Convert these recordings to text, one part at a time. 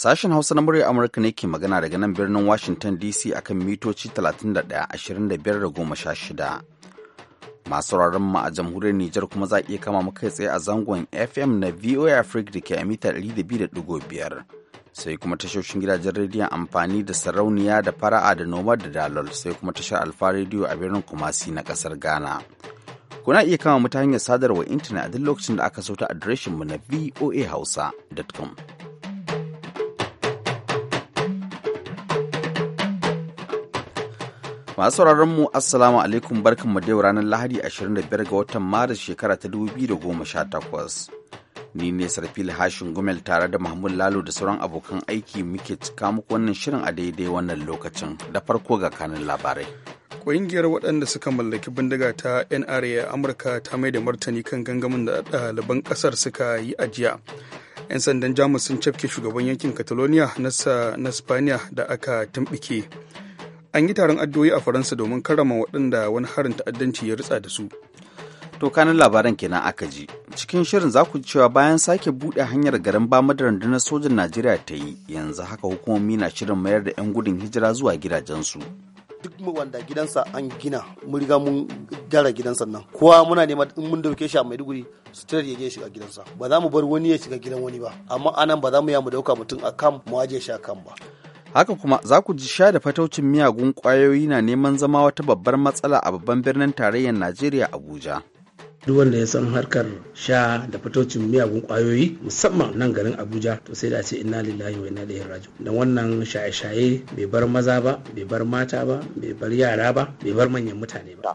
Sashen Hausa na murya Amurka ne ke magana daga nan birnin Washington DC akan mitoci 31-25-16. Masu sauraron mu a jamhuriyar Nijar kuma za iya kama mu kai tsaye a zangon FM na VOA Africa da ke a mita 200.5. Sai kuma tashoshin gidajen rediyon amfani da sarauniya da fara'a da noma da dalol sai kuma tashar Alfa rediyo a birnin Kumasi na kasar Ghana. Kuna iya kama mu ta hanyar sadarwa intanet a duk lokacin da aka sauta adireshin mu na voahausa.com. Masu sauraron mu Assalamu alaikum mu da yau ranar Lahadi 25 ga watan Maris shekara ta 2018. Ni ne Sarfil Hashin Gumel tare da Mahmud Lalo da sauran abokan aiki muke cika muku wannan shirin a daidai wannan lokacin da farko ga kanin labarai. Ƙungiyar waɗanda suka mallaki bindiga ta NRA a Amurka ta mai da martani kan gangamin da ɗaliban ƙasar suka yi ajiya. 'Yan sandan Jamus sun cafke shugaban yankin Catalonia na Spaniya da aka tumɓike. an yi taron addu'o'i a faransa domin karrama waɗanda wani harin ta'addanci ya ritsa da su to kanin labaran kenan aka ji cikin shirin zaku ku ji cewa bayan sake buɗe hanyar garin bama da na sojan najeriya ta yi yanzu haka hukumomi na shirin mayar da 'yan gudun hijira zuwa gidajensu duk wanda gidansa an gina mun riga mun gyara gidansa nan kowa muna nema in mun dauke shi a maiduguri su tare ya a gidansa ba za mu bar wani ya shiga gidan wani ba amma anan ba za mu ya mu dauka mutum a kam mu aje shi a kan ba haka kuma za ku ji sha da fataucin miyagun kwayoyi na neman zama wata babbar matsala a babban birnin tarayyar najeriya abuja duk wanda ya san harkar sha da fatocin miyagun kwayoyi musamman nan garin abuja to sai da ce inna lillahi wa inna ilaihi raji dan wannan shaye-shaye bai bar maza ba bai bar mata ba bai bar yara ba bai bar manyan mutane ba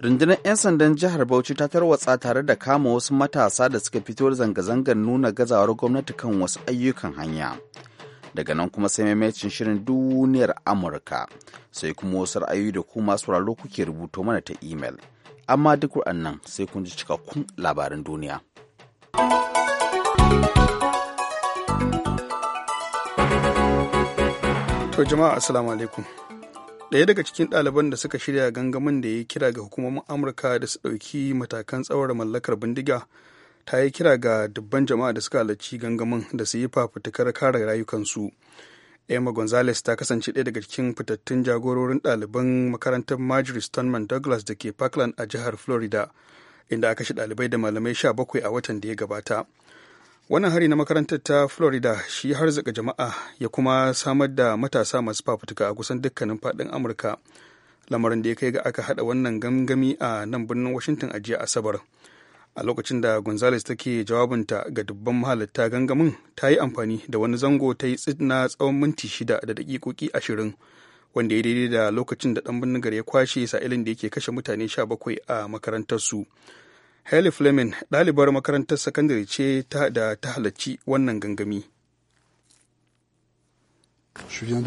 rundunar 'yan sandan jihar bauchi ta tarwatsa tare da kama wasu matasa da suka fito zanga-zangar nuna gazawar gwamnati kan wasu ayyukan hanya daga nan kuma sai maimacin shirin duniyar amurka sai kuma wasu ra'ayoyi da kuma sauraro kuke rubuto mana ta imel amma duk nan sai kun ji cikakkun labaran duniya to jama'a assalamu alaikum ɗaya daga cikin ɗaliban da suka shirya gangamin da ya kira ga hukumomin amurka da su ɗauki matakan tsawar mallakar bindiga ta yi kira ga dubban jama'a da suka halarci gangamin da su yi fafutukar kare rayukansu emma gonzales ta kasance ɗaya daga cikin fitattun jagororin ɗaliban makarantar marjorie stoneman douglas da ke parkland a jihar florida inda aka shi ɗalibai da malamai bakwai a watan da ya gabata wannan hari na makarantar ta florida shi har zaka jama'a ya kuma samar da matasa masu fafutuka a kusan dukkanin faɗin amurka lamarin da ya kai ga aka haɗa wannan gangami a nan birnin washington a jiya asabar a lokacin da gonzales take jawabinta ga dubban mahalatta gangamin ta yi amfani da wani zango ta yi tsina tsawon minti shida da dakikoki ashirin wanda ya daidai da lokacin da dan bindigar ya kwashe sa'ilin da yake kashe mutane sha bakwai a makarantarsu haley fleming ɗalibar makarantar sakandare ce ta da ta halarci wannan gangami Je viens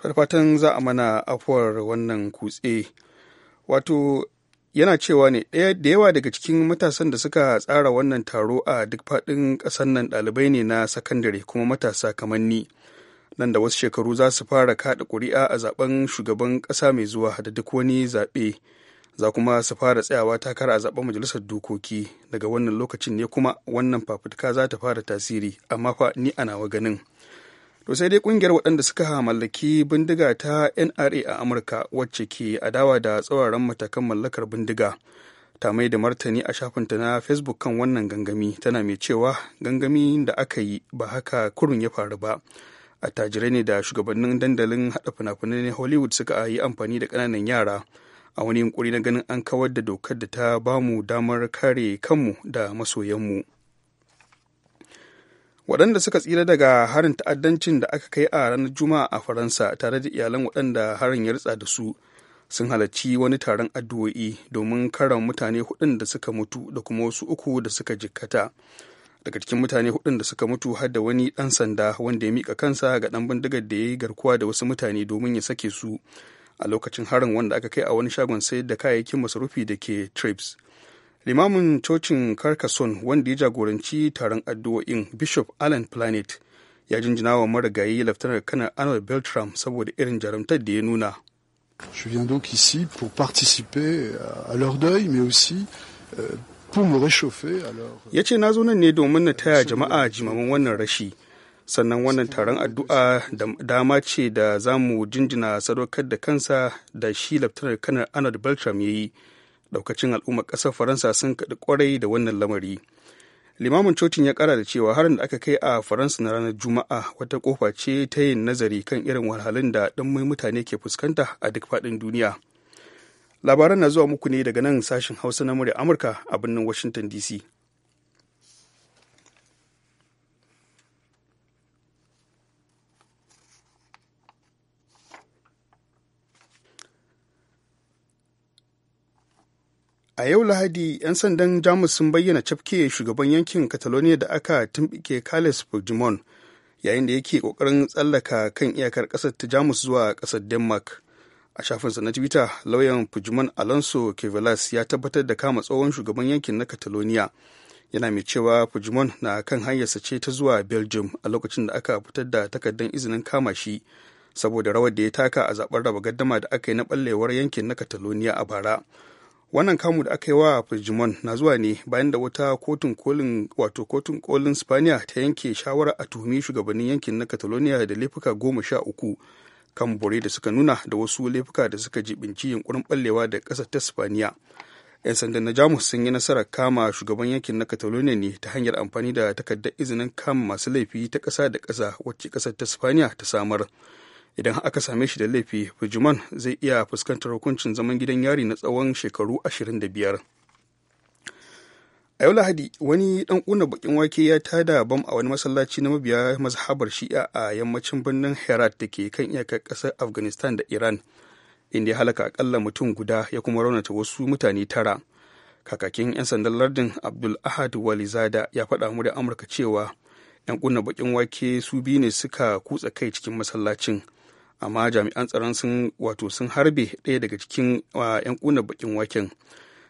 fatan za a mana afuwar wannan kutse wato yana cewa ne ɗaya da yawa daga cikin matasan da suka tsara wannan taro a duk faɗin ƙasar nan ɗalibai ne na sakandare kuma matasa kamar ni nan da wasu shekaru za su fara kaɗa ƙuri'a a zaben shugaban ƙasa mai zuwa da duk wani zaɓe za kuma su fara tsayawa takara a zaben majalisar dokoki daga wannan lokacin ne kuma wannan fafutuka za ta fara tasiri amma fa ni a nawa ganin to sai dai kungiyar waɗanda suka mallaki bindiga ta nra a amurka wacce ke adawa da tsauraran matakan mallakar bindiga ta mai da martani a shafinta na facebook kan wannan gangami tana mai cewa gangami da aka yi ba haka kurun ya faru ba attajirai ne da shugabannin dandalin haɗa fina-finai na hollywood suka yi amfani da kananan yara a wani yunkuri na ganin an kawar da dokar da ta bamu damar kare kanmu da masoyanmu. waɗanda suka tsira daga harin ta'addancin da aka kai a ranar juma'a a faransa tare da iyalan waɗanda harin ya ritsa da su sun halarci wani taron addu'o'i domin karan mutane hudun da suka mutu da kuma wasu uku da suka jikkata daga cikin mutane hudun da suka mutu har da wani ɗan sanda wanda ya mika kansa ga ɗan bindigar da ya yi garkuwa da wasu mutane domin ya sake su a lokacin harin wanda aka kai a wani shagon sayar da kayayyakin masarufi da ke trips limamin cocin karkason wanda ya jagoranci taron addu'o'in bishop allen planet ya jinjina wa marigayi laftanar kanar arnold beltram saboda irin jaramtar da ya nuna Je viens donc ici pour participer à leur deuil, mais aussi euh, pour me réchauffer. Ya ce na zo nan ne domin na taya jama'a jimamin wannan rashi. Sannan wannan taron addu'a dama ce da za mu jinjina sadaukar da kansa da shi Laftanar Kanar Arnold Beltram ya yi daukacin al'ummar ƙasar faransa sun kaɗi kwarai da wannan lamari limamin cocin ya kara da cewa harin da aka kai a faransa na ranar juma'a wata kofa ce ta yin nazari kan irin wahalhalun da ɗan mutane ke fuskanta a duk faɗin duniya labaran na zuwa muku ne daga nan sashen hausa na murya amurka a birnin washington dc a yau lahadi 'yan sandan jamus sun bayyana cafke shugaban yankin catalonia da aka tumbike carles puigdemont yayin da yake kokarin tsallaka kan iyakar kasar ta jamus zuwa kasar denmark a shafinsa na twitter lauyan puigdemont alonso kevelas ya tabbatar da kama tsohon shugaban yankin na catalonia yana mai cewa puigdemont na kan hanyarsa ce ta zuwa belgium a lokacin da aka fitar da takardar izinin kama shi saboda rawar da ya taka a zaben raba gaddama da aka yi na ballewar yankin na catalonia a bara wannan kamu da aka yi wa fujimon na zuwa ne bayan da wata kotun kolin wato kotun kolin spaniya ta yanke shawara a tuhumi shugabannin yankin na catalonia da laifuka goma sha uku kan bore da suka nuna da wasu laifuka da suka jibinci yunkurin ballewa da ƙasar ta spaniya 'yan sandan na jamus sun yi nasarar kama shugaban yankin na catalonia ne ta hanyar amfani da takardar izinin kama masu laifi ta ƙasa da ƙasa wacce ƙasar ta spaniya ta samar idan aka same shi da laifi bujuman zai iya fuskantar hukuncin zaman gidan yari na tsawon shekaru 25 a yau lahadi wani dan kuna bakin wake ya tada bam a wani masallaci na mabiya mazhabar shi'a a yammacin birnin herat da ke kan iyakar kasar afghanistan da iran inda ya halaka akalla mutum guda ya kuma raunata wasu mutane tara kakakin 'yan sandan lardin abdul ahad walizada ya faɗa mu da amurka cewa 'yan kunna bakin wake su biyu ne suka kutsa kai cikin masallacin amma jami'an tsaron sun wato sun harbe ɗaya daga cikin 'yan kuna bakin waken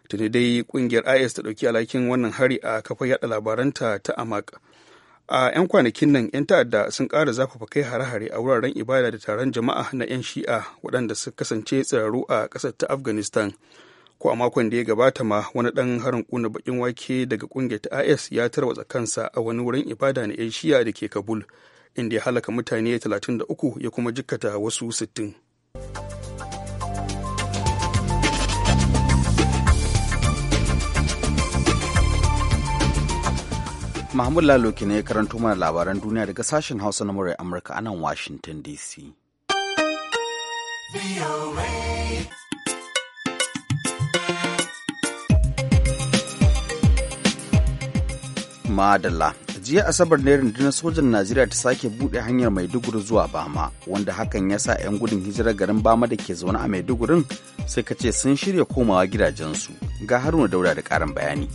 tuni dai kungiyar is ta dauki alhakin wannan hari a kafar yada labaranta ta amak a 'yan kwanakin nan 'yan ta'adda sun kara zafafa kai hare-hare a wuraren ibada da taron jama'a na 'yan shi'a waɗanda suka kasance tsiraru a ƙasar ta afghanistan ko a makon da ya gabata ma wani ɗan harin kuna bakin wake daga kungiyar ta is ya tarwatsa kansa a wani wurin ibada na 'yan shi'a da ke kabul inda ya halaka mutane 33 ya kuma jikkata wasu 60. Mahmud Lalo ne ya karanto mana labaran duniya daga sashen Hausa na murai Amurka a nan Washington DC. Madalla jiya asabar ne rundunar sojan najeriya ta sake buɗe hanyar maiduguri zuwa bama wanda hakan ya sa 'yan gudun hijirar garin bama da ke zaune a maidugurin ka ce sun shirya komawa gidajensu ga haruna daura da karin bayani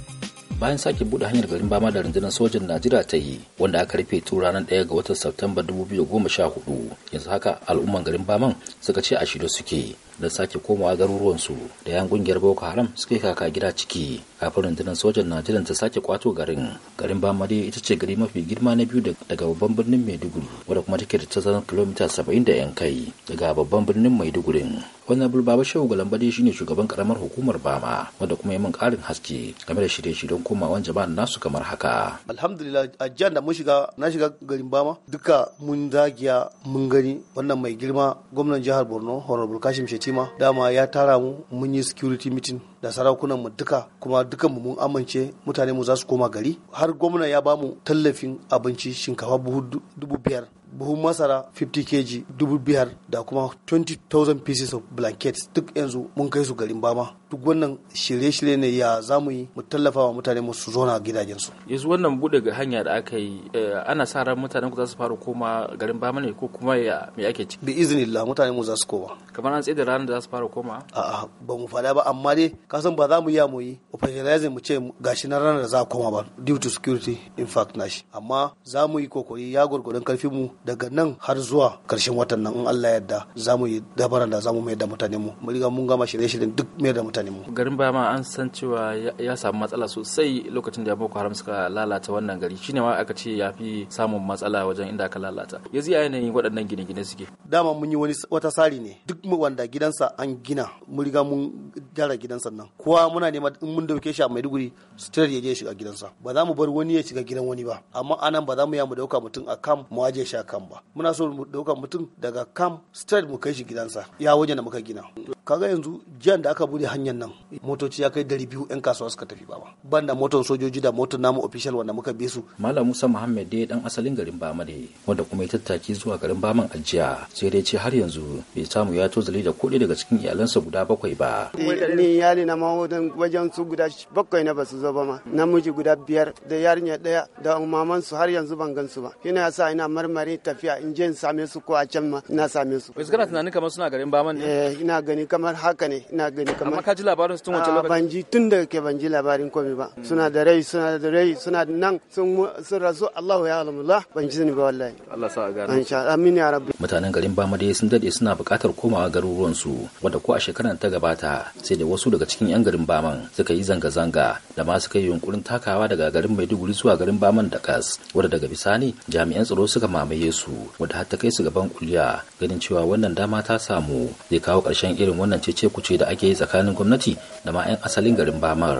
bayan sake bude hanyar garin bama da rundunar sojan najeriya ta yi wanda aka rufe tun ranar 1 ga watan sha 2014 yanzu haka al'umman garin baman suka ce a shirye suke da sake komawa su da yan kungiyar boko haram suka yi kaka gida ciki kafin rundunar sojan najeriya ta sake kwato garin garin bamade ita ce gari mafi girma na biyu daga babban birnin maiduguri wadda kuma take da tazaran kilomita saba'in da yan kai daga babban birnin maiduguri wannan bulbaba shehu galambade shine shugaban karamar hukumar bama wadda kuma yi min karin haske game da shirye-shiryen komawan jama'a nasu kamar haka alhamdulillah a jiya da mun shiga na shiga garin bama duka mun zagiya mun gani wannan mai girma gwamnan jihar borno honorable kashim amince ma dama ya tara mu mun yi security meeting da sarakunan mu duka kuma dukan mu mun amince mutane mu za su koma gari har gwamna ya bamu tallafin abinci shinkafa buhu dubu biyar buhun masara 50 kg dubu biyar da kuma 20,000 pieces of blankets duk yanzu mun kai su garin bama duk wannan shirye-shirye ne ya za mu yi mu tallafa wa mutane mu su zauna gidajensu yanzu wannan bude ga hanya da aka yi eh, ana sa ran mutanen ku za su fara koma garin bama ne ko kuma ya me ake ci. bi iznillah mutane mu za su koma kamar an tsaye da ranar da za su fara koma a'a ba mu faɗa ba amma dai ka san ba za mu yi mu yi operationalizing mu ce gashi na ranar da za a koma ba due to security in fact shi amma za mu yi kokari ya gwargwadon karfi mu daga nan har zuwa karshen watan nan in Allah yarda za mu yi dabaran da za mu mai da mutane mu mu riga mun gama shirye-shiryen duk mai da mutane mu garin bama an san cewa ya samu matsala sosai lokacin da boko haram suka lalata wannan gari shine ma aka ce ya fi samun matsala wajen inda aka lalata yanzu ya yanayin waɗannan gine-gine suke dama mun yi wani wata tsari ne duk mu wanda gidansa an gina mun riga mun gyara gidansa nan kowa muna nema in mun dauke shi a maiduguri su tare ya je shiga gidansa ba za mu bar wani ya shiga gidan wani ba amma anan ba za mu ya mu dauka mutum a kam mu aje shi a kam ba muna so mu dauka mutum daga kam straight mu kai shi gidansa ya wajen da muka gina kaga yanzu jiyan da aka bude hanya hanyar nan motoci ya kai dari biyu yan kasuwa suka tafi ba banda motan sojoji da motan namu official wanda muka bi su malam musa muhammad dai dan asalin garin bama ne wanda kuma ya tattaki zuwa garin baman ajiya sai dai ce har yanzu bai samu ya zali da kuɗi daga cikin iyalansa guda bakwai ba ni yali na ma wajen su guda bakwai na basu zo ba ma namiji guda biyar da yarinya daya da umaman su har yanzu ban gan su ba ina yasa ina marmari tafiya in je in same su ko a can ma ina same su. Wasu kana tunanin kamar suna garin baman ne? Eh ina gani kamar haka ne ina gani kamar. ji labarin sun wace lokaci ban ji tun da ke ban ji labarin komai ba hmm. suna da rai suna da rai suna da nan sun rasu Allahu ya alhamdulillah ban ji ba wallahi Allah sa gane sha amin ya rabbi mutanen garin Bamade sun dade suna bukatar komawa garuruwan su wanda ko a shekarar ta gabata sai da wasu daga cikin yan garin Baman suka yi zanga zanga da ma suka yi yunkurin takawa daga garin Maiduguri zuwa garin Baman da Kas wanda daga bisani jami'an tsaro suka mamaye su wanda har ta kai su gaban kuliya ganin cewa wannan dama ta samu zai kawo ƙarshen irin wannan cece kuce da ake yi tsakanin gwamnati da ma 'yan asalin garin bamar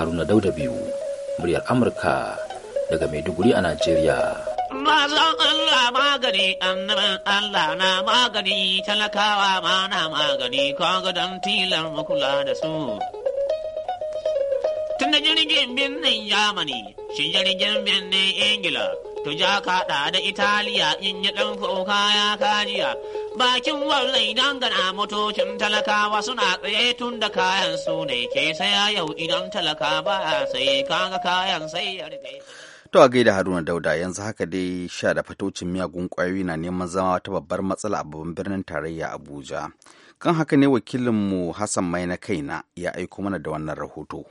haruna dauda biyu muryar amurka daga maiduguri a najeriya Mazan Allah magani, annabin Allah na magani, talakawa ma na magani, kwa don tilar makula da su. Tun da jirgin birnin Yamani, shi jirgin birnin Ingila, to ja kaɗa da Italiya in yi ɗan kuka ya kajiya. Bakin wallai dangana motocin talakawa suna tsaye tun da kayan su ne ke saya yau idan talaka ba sai kaga kayan sai ya To a gaida Haruna Dauda yanzu haka dai sha da fatocin miyagun ƙwayoyi na neman zama wata babbar matsala a babban birnin tarayya Abuja. Kan haka ne wakilinmu Hassan Mai na kaina ya aiko mana da wannan rahoto.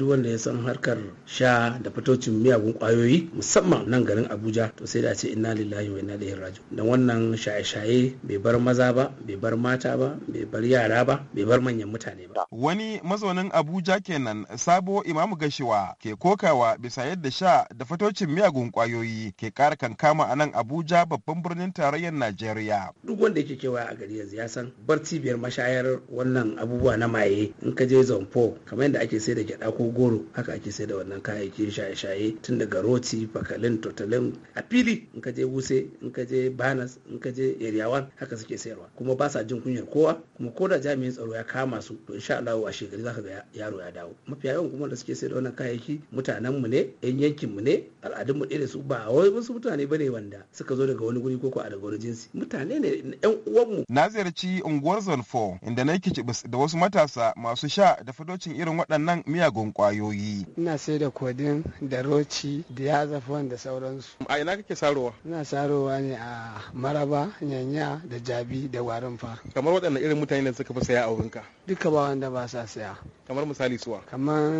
duk wanda ya san harkar sha da fitocin miyagun kwayoyi musamman nan garin abuja to sai da ce inna lillahi wa inna ilaihi raji'un dan wannan shaye-shaye bai bar maza ba bai bar mata ba bai bar yara ba bai bar manyan mutane ba wani mazaunin abuja kenan sabo imamu gashiwa ke kokawa bisa yadda sha da fitocin miyagun kwayoyi ke kara kankama a nan abuja babban birnin tarayyar najeriya duk wanda yake kewa a gari yanzu ya san bar cibiyar mashayar wannan abubuwa na maye in ka je zonfo kamar yadda ake sai da gyada ko goro haka ake sai da wannan kayayyakin shaye-shaye tun daga roti fakalin totalin a fili in ka je wuse in ka je banas in ka je yaryawan haka suke sayarwa kuma ba sa jin kunyar kowa kuma ko da jami'in tsaro ya kama su to insha Allah a shekaru zaka ga yaro ya dawo mafiya yawan kuma da suke sai da wannan kayayyaki mutanen mu ne yan yankin mu ne al'adun mu da su ba wai wasu mutane bane wanda suka zo daga wani guri ko ko a daga wani jinsi mutane ne yan uwanmu. na ziyarci unguwar Zonfo inda na yi da wasu matasa masu sha da fadocin irin waɗannan miyagun kwayoyi. Ina sai da kodin da roci da yazafon da sauransu. A ina kake sarowa? Ina sarowa ne a maraba, nyanya da jabi da warin fa. Kamar waɗanda irin mutane da suka fi saya a wurinka? Duka ba wanda ba sa saya. kamar misali suwa kamar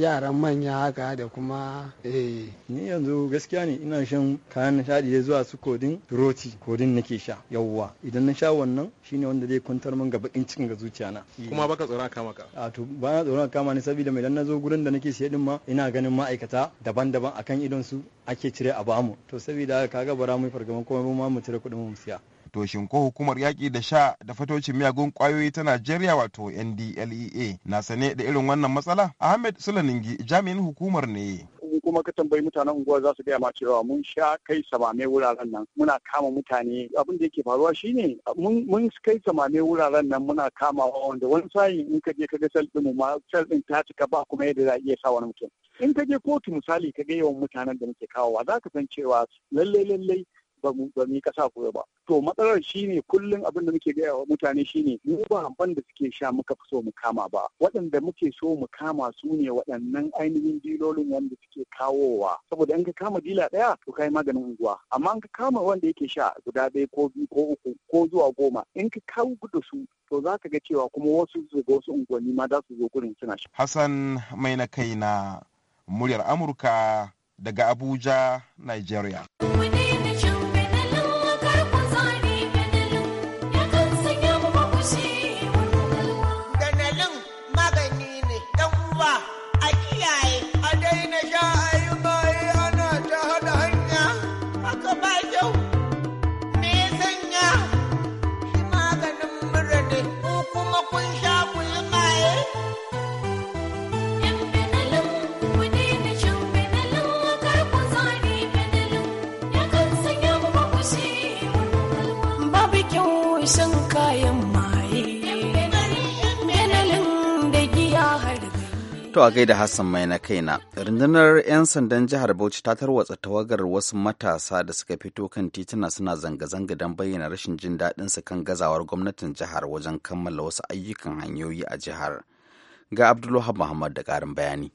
yaran manya haka da kuma eh ni yanzu gaskiya ne ina shan kayan nishadi ya zuwa su kodin roti kodin nake sha yawwa idan na sha wannan shine wanda zai kwantar min gaba in cikin ga zuciya na eh. kuma baka tsoron kama ka a to ba na tsoron kama ne saboda mai dan nazo gurin da nake siye din ma ina ganin ma'aikata daban-daban akan idon su ake cire a bamu to saboda kaga bara mu fargaban kuma mu ma mu cire kuɗin mu siya Toshin ko hukumar yaƙi da sha da fatocin miyagun ƙwayoyi ta Najeriya wato NDLEA na sane da irin wannan matsala? Ahmed Sulaningi jami'in hukumar ne. kuma ka tambayi mutanen unguwa za su gaya ma cewa mun sha kai samame wuraren nan muna kama mutane abin da yake faruwa shine mun kai samame wuraren nan muna kamawa wanda wani sayi in ka je ka ga sel din ma sel din ta cika ba kuma yadda za a iya sa wani mutum in ka je kotu misali ka ga yawan mutanen da muke kawowa za ka san cewa lallai lallai ba mu kasa koyo ba to matsalar shine kullum abin da muke gaya wa mutane shine mu ba ban da suke sha muka fi so mu kama ba waɗanda muke so mu kama su ne waɗannan ainihin dilolin wanda suke kawowa saboda in ka kama dila ɗaya to kai maganin unguwa amma in ka kama wanda yake sha guda ɗaya ko biyu ko uku ko zuwa goma in ka kawo guda su to za ka ga cewa kuma wasu su wasu unguwanni ma za su zo gurin suna sha. Hassan mai na kai na muryar Amurka daga Abuja, Nigeria. To a gaida Hassan mai na kaina, rundunar 'yan sandan jihar Bauchi ta tarwatsa tawagar wasu matasa da suka fito kan tituna suna zanga-zanga don bayyana rashin jin daɗin su kan gazawar gwamnatin jihar wajen kammala wasu ayyukan hanyoyi a jihar. Ga Abdulwahab Muhammad da ƙarin bayani.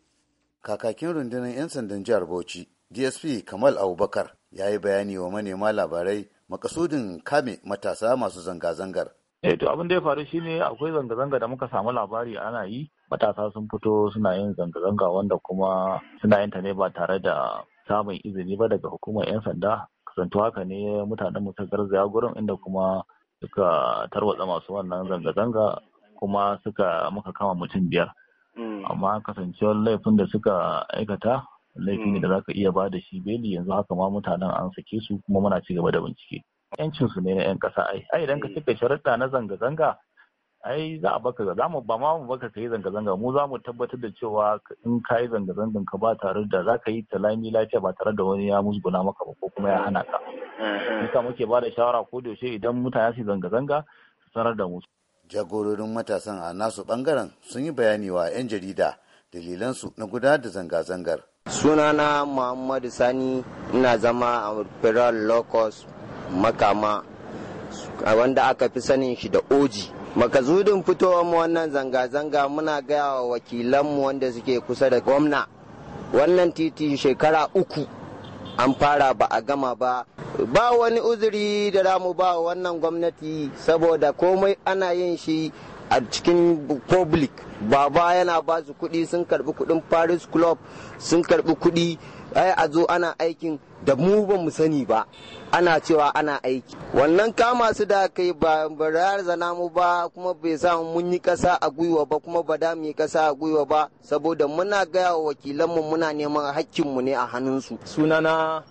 Kakakin rundunar 'yan sandan jihar Bauchi, DSP Kamal Abubakar, ya yi bayani wa manema labarai makasudin kame matasa masu zanga-zangar. Eh to abin da ya faru shine akwai zanga-zanga da muka samu labari ana yi matasa sun fito suna yin zanga-zanga wanda kuma suna yin ta ne ba tare da samun izini ba daga hukumar 'yan sanda kasantu haka ne mutanen mu garzaya gurin inda kuma suka tarwatsa masu wannan zanga-zanga kuma suka muka kama mutum biyar mm. amma kasancewar laifin da suka aikata laifi da mm. za ka iya ba da shi beli yanzu haka ma mutanen an sake su kuma muna ci gaba da bincike yancinsu ne na 'yan kasa ai ai idan ka mm. cika sharuɗa na zanga-zanga ai za a baka za mu ba ma mu baka kai zanga zanga mu za mu tabbatar da cewa in ka yi zanga zangan ka ba tare da za ka yi Lami lafiya ba tare da wani ya musguna maka ba ko kuma ya hana ka mm-hmm. ka muke ba da shawara ko da yaushe idan mutane su zanga zanga su sanar da mu jagororin matasan a nasu bangaren sun yi bayani wa 'yan jarida dalilan su na gudanar da zanga-zangar sunana muhammadu sani ina zama a federal locus makama wanda aka fi sanin shi da oji makazudin fitowar mu wannan zanga-zanga muna gaya wa wakilanmu wanda suke kusa da gwamna wannan titi shekara uku an fara ba a gama ba ba wani uzuri da ramu ba wannan gwamnati saboda komai ana yin shi a cikin public baba yana ba su kuɗi sun karbi kuɗin paris club sun karɓi kuɗi ai a zo ana aikin da mu ba mu sani ba ana cewa ana aiki wannan kama su da kai ba bayar zana mu ba kuma bai sa mun yi kasa a gwiwa ba kuma ba da mu yi kasa a gwiwa ba saboda muna gaya wa wakilanmu muna neman hakkinmu ne a hannunsu sunana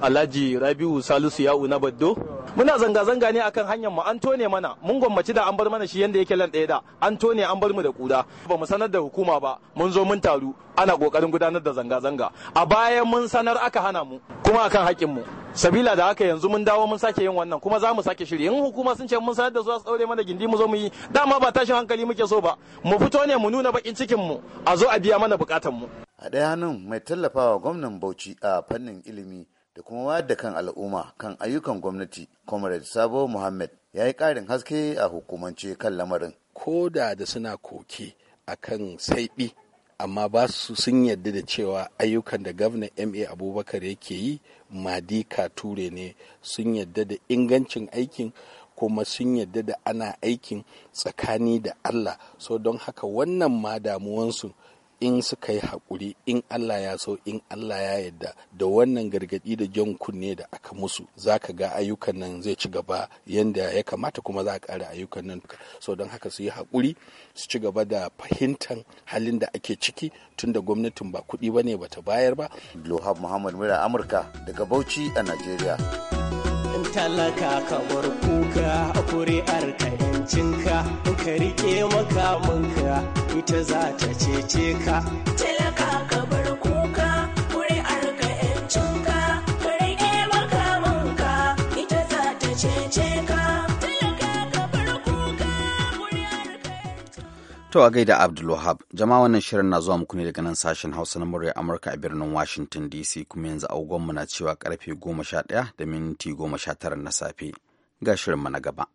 Alhaji Rabiu Salisu Ya'u na Baddo. Muna zanga-zanga ne akan hanyar mu an tone mana mun gwammaci da an bar mana shi yanda yake lan ɗaya da an tone an bar mu da kuda ba mu sanar da hukuma ba mun zo mun taru ana kokarin gudanar da zanga-zanga a baya mun sanar aka hana mu kuma akan haƙƙin mu sabila da haka yanzu mun dawo mun sake yin wannan kuma za mu sake shiri in hukuma sun ce mun sanar da su su daure mana gindi mu zo mu yi dama ba tashin hankali muke so ba mu fito ne mu nuna bakin cikin mu a zo a biya mana bukatan mu a ɗaya nan mai tallafawa gwamnan Bauchi a fannin ilimi da kuma wayar da kan al'umma kan ayyukan gwamnati comrade sabo muhammad ya yi ƙarin haske a hukumance kan lamarin ko da da suna koke a kan saiɓi amma ba su sun yarda da cewa ayyukan da gwamnan ma abubakar yake yi madi ture ne sun yarda da ingancin aikin kuma sun yarda da ana aikin tsakani da allah so don haka wannan ma damuwansu in suka yi haƙuri in Allah ya so in Allah ya yadda da wannan gargaɗi da jan kunne da aka musu za ka ga ayyukan nan zai ci gaba yadda ya kamata kuma za a ƙara ayyukan nan so don haka su yi haƙuri su ci gaba da fahimtar halin da ake ciki tun da gwamnatin ba kuɗi ba ne ba ta bayar ba. Lohab Muhammad Mura Amurka daga Bauchi a Najeriya. talaka ka bar kuka a kuri'ar ka ka riƙe makamanka ita za ta cece ka. ka bar kuka, arka ‘yancinka, ka riƙe makamanka, ita za ta cece ka. To a gaida Abdulwahab, jama'a wannan shirin na zuwa muku ne daga nan sashen Hausa na murya Amurka a birnin Washington DC kuma yanzu agogonmu na cewa karfe 11 da minti 19 na safe. Ga shirinmu na gaba.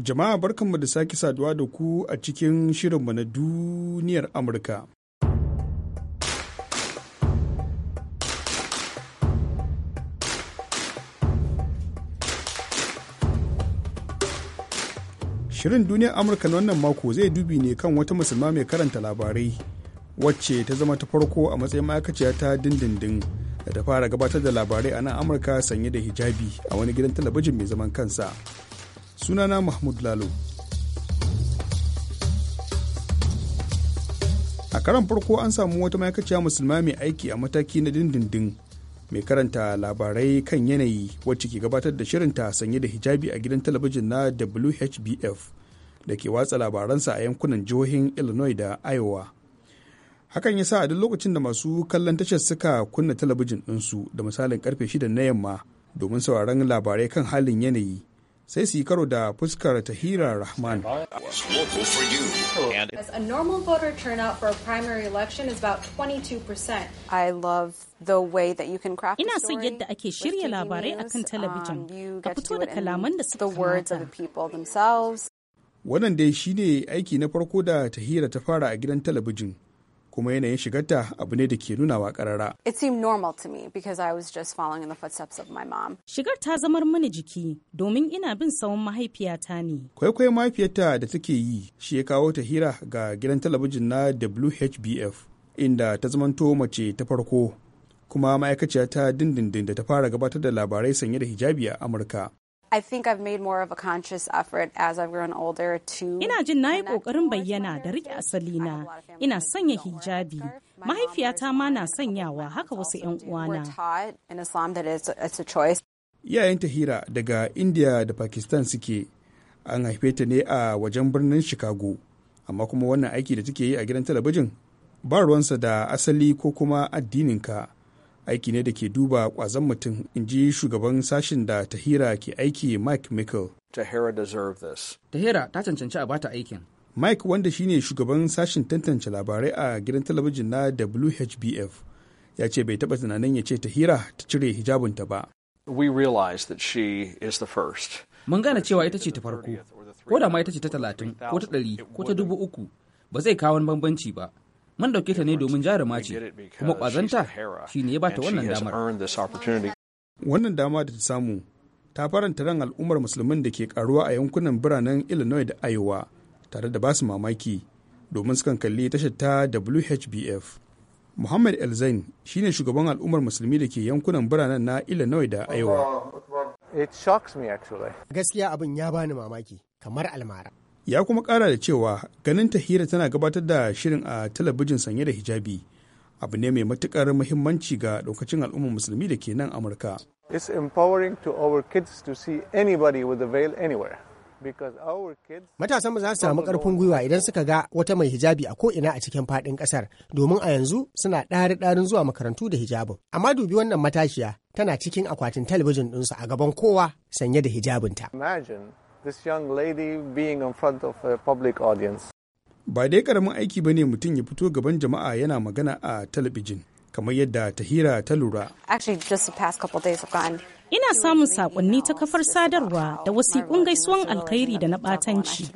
Jama'a barkanmu da sake saduwa da ku a cikin shirinmu na duniyar Amurka. Shirin duniyar Amurka na wannan mako zai dubi ne kan wata musulma mai karanta labarai wacce ta zama ta farko a matsayin ma'aikaciya ta dindindin da ta fara gabatar da labarai a nan Amurka sanye da hijabi a wani gidan talabijin mai zaman kansa. sunana mahmud lalo a karan farko an samu wata ma'aikaciya musulma mai aiki a mataki na dindindin mai karanta labarai kan yanayi wacce ke gabatar da shirinta sanye da hijabi a gidan talabijin na whbf da ke watsa labaransa a yankunan jihohin illinois da iowa hakan ya sa a duk lokacin da masu kallon tashar suka kunna talabijin ɗinsu da misalin karfe 6 na yamma domin sauraron labarai kan halin yanayi sai su yi karo da fuskar tahira rahman ina son yadda ake shirya labarai akan um, talabijin ka fito da kalaman da suka kamata wannan dai shine aiki na farko da tahira ta fara a gidan talabijin kuma yanayin shigarta abu ne da ke nunawa karara. It seemed normal to me because I was just following in the footsteps of my mom. Shigar ta zamar mini jiki domin ina bin sawun mahaifiyata ne. kwaikwayo mahaifiyarta da take yi shi ya kawo ta hira ga gidan talabijin na WHBF inda ta zamanto mace ta farko kuma ma'aikaciya ta dindindin da ta fara gabatar da labarai sanye da hijabi a Amurka. I a conscious effort as I've grown older to Ina jin nayi kokarin bayyana da riƙe asali na Ina sanya hijabi. Mahaifiyata ma na sanyawa haka wasu 'yan uwana. Iyayen Tahira daga India da Pakistan suke. An haife ta ne a wajen birnin Chicago. Amma kuma wannan aiki da take yi a gidan talabijin ba ruwansa da asali ko kuma addininka. aiki ne da ke duba kwazon mutum in ji shugaban sashen da tahira ke aiki mike mickle. tahira tahira ta cancanci a bata aikin mike wanda shine shugaban sashen tantance labarai a gidan talabijin na whbf ya ce bai taɓa tunanin ya ce tahira ta cire hijabinta ba we realize that she is the first mun gane cewa ita ce ta farko ko da ma ita ce ta talatin ko ta ɗari ko ta dubu uku ba zai kawo bambanci ba Mun ɗauke ta ne domin jaruma ce, kuma ƙwazanta shi ne ya ba ta wannan damar. Wannan dama da ta samu ta faranta ran al'ummar musulmin da ke karuwa a yankunan biranen Illinois da Iowa tare da basu mamaki domin sukan kalli tashar ta WHBF. Muhammad shi ne shugaban al'ummar musulmi da ke yankunan biranen na Illinois da Iowa. Gaskiya abin ya bani mamaki kamar almara. ya kuma kara da cewa ganin tahira tana gabatar da shirin a talabijin sanye da hijabi abu ne mai matukar muhimmanci ga lokacin al'ummar musulmi da ke nan amurka it's Matasanmu za su samu karfin gwiwa idan suka ga wata mai hijabi a ko'ina a cikin faɗin ƙasar, domin a yanzu suna ɗari ɗarin zuwa makarantu da hijabin. Amma dubi wannan matashiya tana cikin akwatin talabijin ɗinsu a gaban kowa sanye da hijabinta. this young lady being in front of a public audience. Ba dai karamin aiki ba ne mutum ya fito gaban jama'a yana magana a talabijin, kamar yadda Tahira ta lura. Ina samun saƙonni ta kafar sadarwa da wasiƙun gaisuwan alkhairi da na ɓatanci.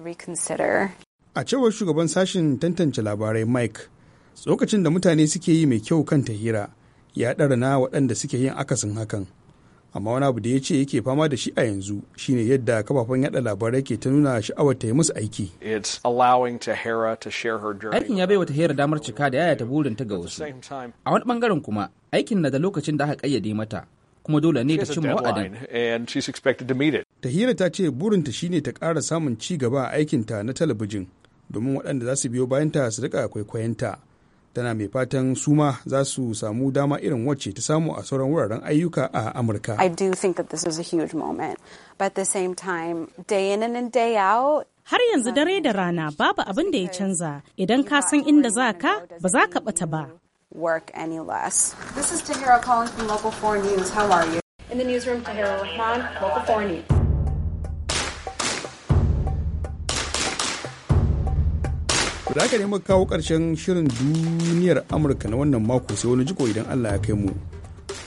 A cewar shugaban sashen tantance labarai Mike, tsokacin da mutane suke yi mai kyau kan Tahira ya ɗara na waɗanda suke yin akasin hakan. amma wani abu da ya ce yake fama da shi a yanzu shine yadda kafafen yada labarai ke ta nuna sha'awar ta yi musu aiki. Aikin ya bai wa tahira damar cika da yaya yayata burinta ga wasu. A wani bangaren kuma aikin na da lokacin da aka kayyade mata kuma dole ne ta cimma wa'adin. Tahira ta ce burinta shine ta ƙara samun ci gaba a aikinta na talabijin domin waɗanda za su biyo bayanta su riƙa kwaikwayonta. tana mai fatan suma za su samu dama irin wacce ta samu a sauran wuraren ayyuka a amurka huge moment har yanzu dare da rana babu abin da ya canza idan ka san inda za ka ba za ka bata ba this is tahira calling from local 4 news how are you in the newsroom tahira rahman local 4 news za ka nemi kawo ƙarshen shirin duniyar amurka na wannan mako sai wani jiko idan allah ya kai mu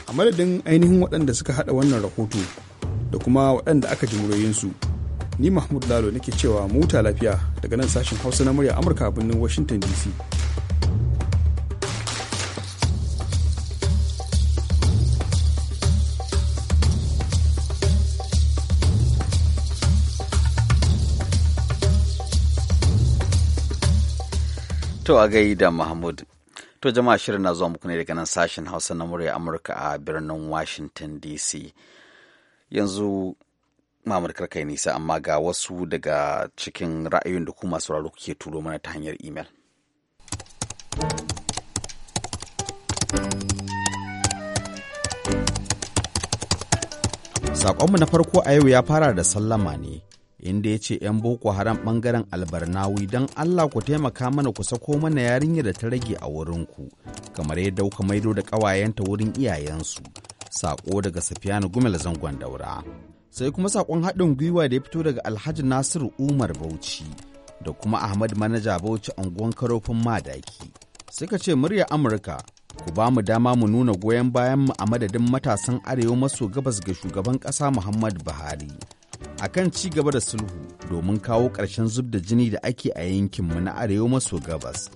a madadin ainihin waɗanda suka haɗa wannan rahoto da kuma waɗanda aka ji su ni mahmud lalo nake cewa muta lafiya daga nan sashen hausa na murya amurka a birnin washington dc To a gaida Mahmud. To jama'a shirin na zuwa muku ne daga nan sashen Hausa na murya Amurka a birnin Washington DC. Yanzu mamur karkai nisa amma ga wasu daga cikin ra'ayoyin da kuma sauraro kuke turo mana ta hanyar imel. Saƙonmu na farko a yau ya fara da sallama ne inda ya ce 'yan boko haram bangaren albarnawi don allah ku taimaka mana ku sako mana yarinyar da ta rage a wurinku kamar ya dauka maido da ƙawayenta wurin iyayensu sako daga safiyanu gumel zangon daura sai kuma sakon haɗin gwiwa da ya fito daga alhaji nasiru umar bauchi da kuma ahmad manaja bauchi unguwan karofin madaki suka ce murya amurka ku ba mu dama mu nuna goyon bayan mu a madadin matasan arewa maso gabas ga shugaban ƙasa muhammad buhari akan ci gaba da sulhu domin kawo ƙarshen zub da jini da ake a yankinmu na arewa maso gabas.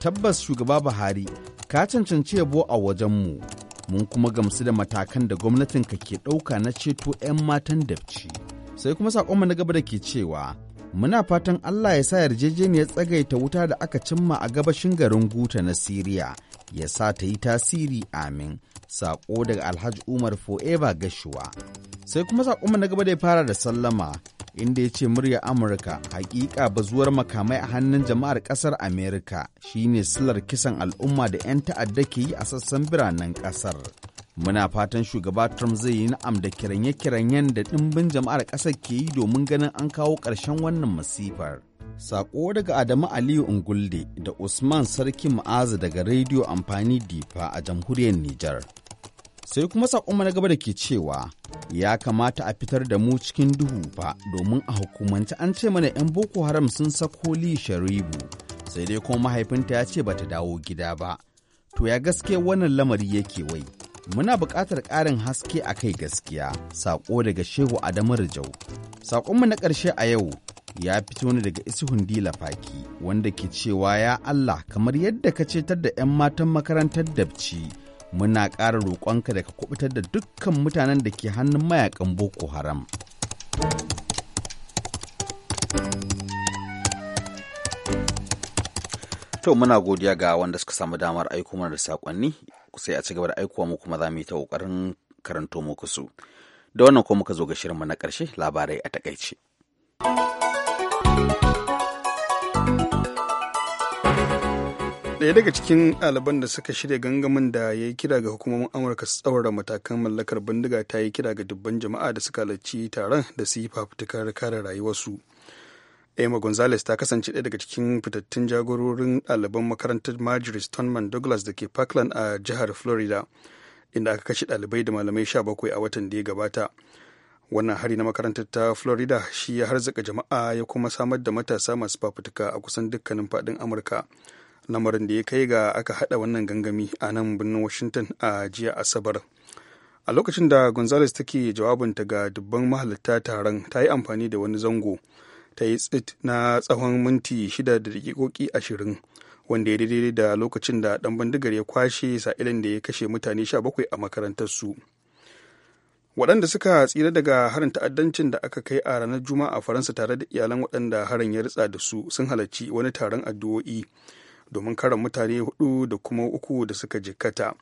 Tabbas shugaba Buhari ka cancanci yabo a wajenmu. Mun kuma gamsu da matakan da gwamnatinka ke ɗauka na ceto 'yan matan dabci. Sai kuma saƙonmu na gaba da ke cewa muna fatan Allah ya sa yarjejeniyar tsagaita wuta da aka cimma a gabashin garin Guta na Siriya ya sa ta yi tasiri amin. Saƙo daga Alhaji Umar foeva Gashuwa. Sai kuma sakonmu na gaba da ya fara da sallama inda ya ce murya Amurka hakika bazuwar makamai a hannun jama'ar ƙasar Amerika shine silar kisan al'umma da 'yan ta'adda ke yi a sassan biranen ƙasar. Muna fatan shugaba Trump zai yi na'am da kiranye-kiranyen da ɗimbin jama'ar ƙasar ke yi domin ganin an kawo ƙarshen wannan masifar. Saƙo daga Adamu Aliyu Ungulde da Usman Sarki Ma'azu daga Rediyo Amfani Difa a jamhuriyar Nijar. Sai kuma saƙonmu na gaba da ke cewa ya kamata a fitar da mu cikin duhu fa domin a hukumance an ce mana 'yan Boko Haram sun sako Li Sharibu sai dai kuma mahaifinta ya ce bata dawo gida ba. To ya gaske wannan lamari yake wai. Muna buƙatar ƙarin haske a kai gaskiya, saƙo daga Shehu Adamu Rijau. Saƙonmu na ƙarshe a yau ya fito ne daga isihun Dila Faki wanda ke cewa ya Allah kamar yadda ka cetar da 'yan matan makarantar dabci muna ƙara roƙonka da ka kubutar da dukkan mutanen da ke hannun mayakan Boko Haram. To muna godiya ga wanda suka samu damar aiko mana da saƙonni sai a ci gaba da aikowa mu kuma za mu yi ta ƙoƙarin karanto muku su. Da wannan kuma muka zo ga shirinmu na ƙarshe labarai a takaice. daya daga cikin ɗaliban da suka shirya gangamin da ya yi kira ga hukumomin amurka su tsawara matakan mallakar bindiga ta yi kira ga dubban jama'a da suka halarci taron da su yi fafutukar kare rayuwarsu emma gonzales ta kasance ɗaya daga cikin fitattun jagororin ɗaliban makarantar marjorie stoneman douglas da ke parkland a jihar florida inda aka kashe ɗalibai da malamai 17 a watan da ya gabata wannan hari na makarantar ta florida shi ya harzika jama'a ya kuma samar da matasa masu fafutuka a kusan dukkanin faɗin amurka lamarin da ya kai ga aka hada wannan gangami a nan birnin washington a jiya asabar a lokacin da gonzales take jawabinta ga dubban mahalarta taron ta yi amfani da wani zango ta yi tsit na tsawon minti shida da dakikoki ashirin wanda ya daidai da lokacin da dan bindigar ya kwashe sa'ilin da ya kashe mutane sha bakwai a makarantar su waɗanda suka tsira daga harin ta'addancin da aka kai a ranar juma'a faransa tare da iyalan waɗanda harin ya ritsa da su sun halarci wani taron addu'o'i domin karan mutane hudu da kuma uku da suka jikkata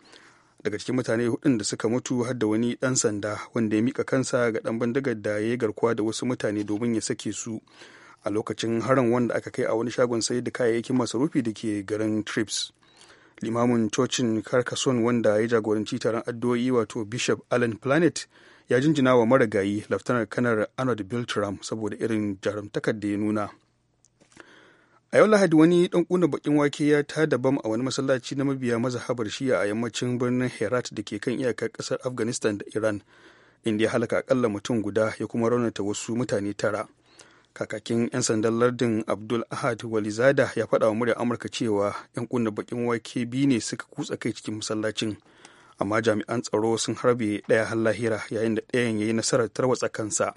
daga cikin mutane hudun da suka mutu har da wani dan sanda wanda ya mika kansa ga dan bindigar da ya garkuwa da wasu mutane domin ya sake su a lokacin harin wanda aka kai a wani shagon sayar da kayayyakin masarufi da ke garin trips limamin cocin carcassonne wanda ya jagoranci taron addu'o'i wato bishop allen planet ya jinjina wa marigayi laftanar kanar arnold biltram saboda irin jarumtakar da ya nuna a yau lahadi wani dan kuna bakin wake ya ta dabam a wani masallaci na mabiya mazhabar shiya a yammacin birnin herat da ke kan iyakar kasar afghanistan da iran inda ya halaka akalla mutum guda ya kuma raunata wasu mutane tara kakakin 'yan sandan lardin abdul ahad walizada ya faɗa wa murya amurka cewa 'yan kuna bakin wake biyu ne suka kutsa kai cikin masallacin amma jami'an tsaro sun harbe ɗaya har lahira yayin da ɗayan ya yi nasarar tarwatsa kansa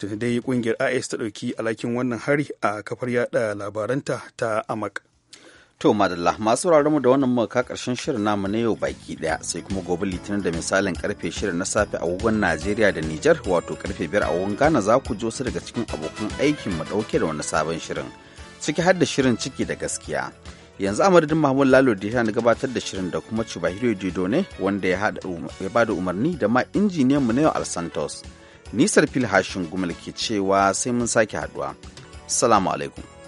tuni dai kungiyar is ta dauki alakin wannan hari a kafar yada labaranta ta amak to madalla masu mu da wannan muka karshen shirin namu na yau baki daya sai kuma gobe litinin da misalin karfe shirin na safe agogon najeriya da nijar wato karfe biyar agogon ghana za ku ji wasu daga cikin abokan aikin mu dauke da wani sabon shirin ciki har da shirin ciki da gaskiya yanzu amadadin mahmud lalo da ya gabatar da shirin da kuma chubahiro dido ne wanda ya bada umarni da ma injiniyan mu na yau al santos Nisar fil hashin gumal ke cewa sai mun sake haduwa. Salamu alaikum.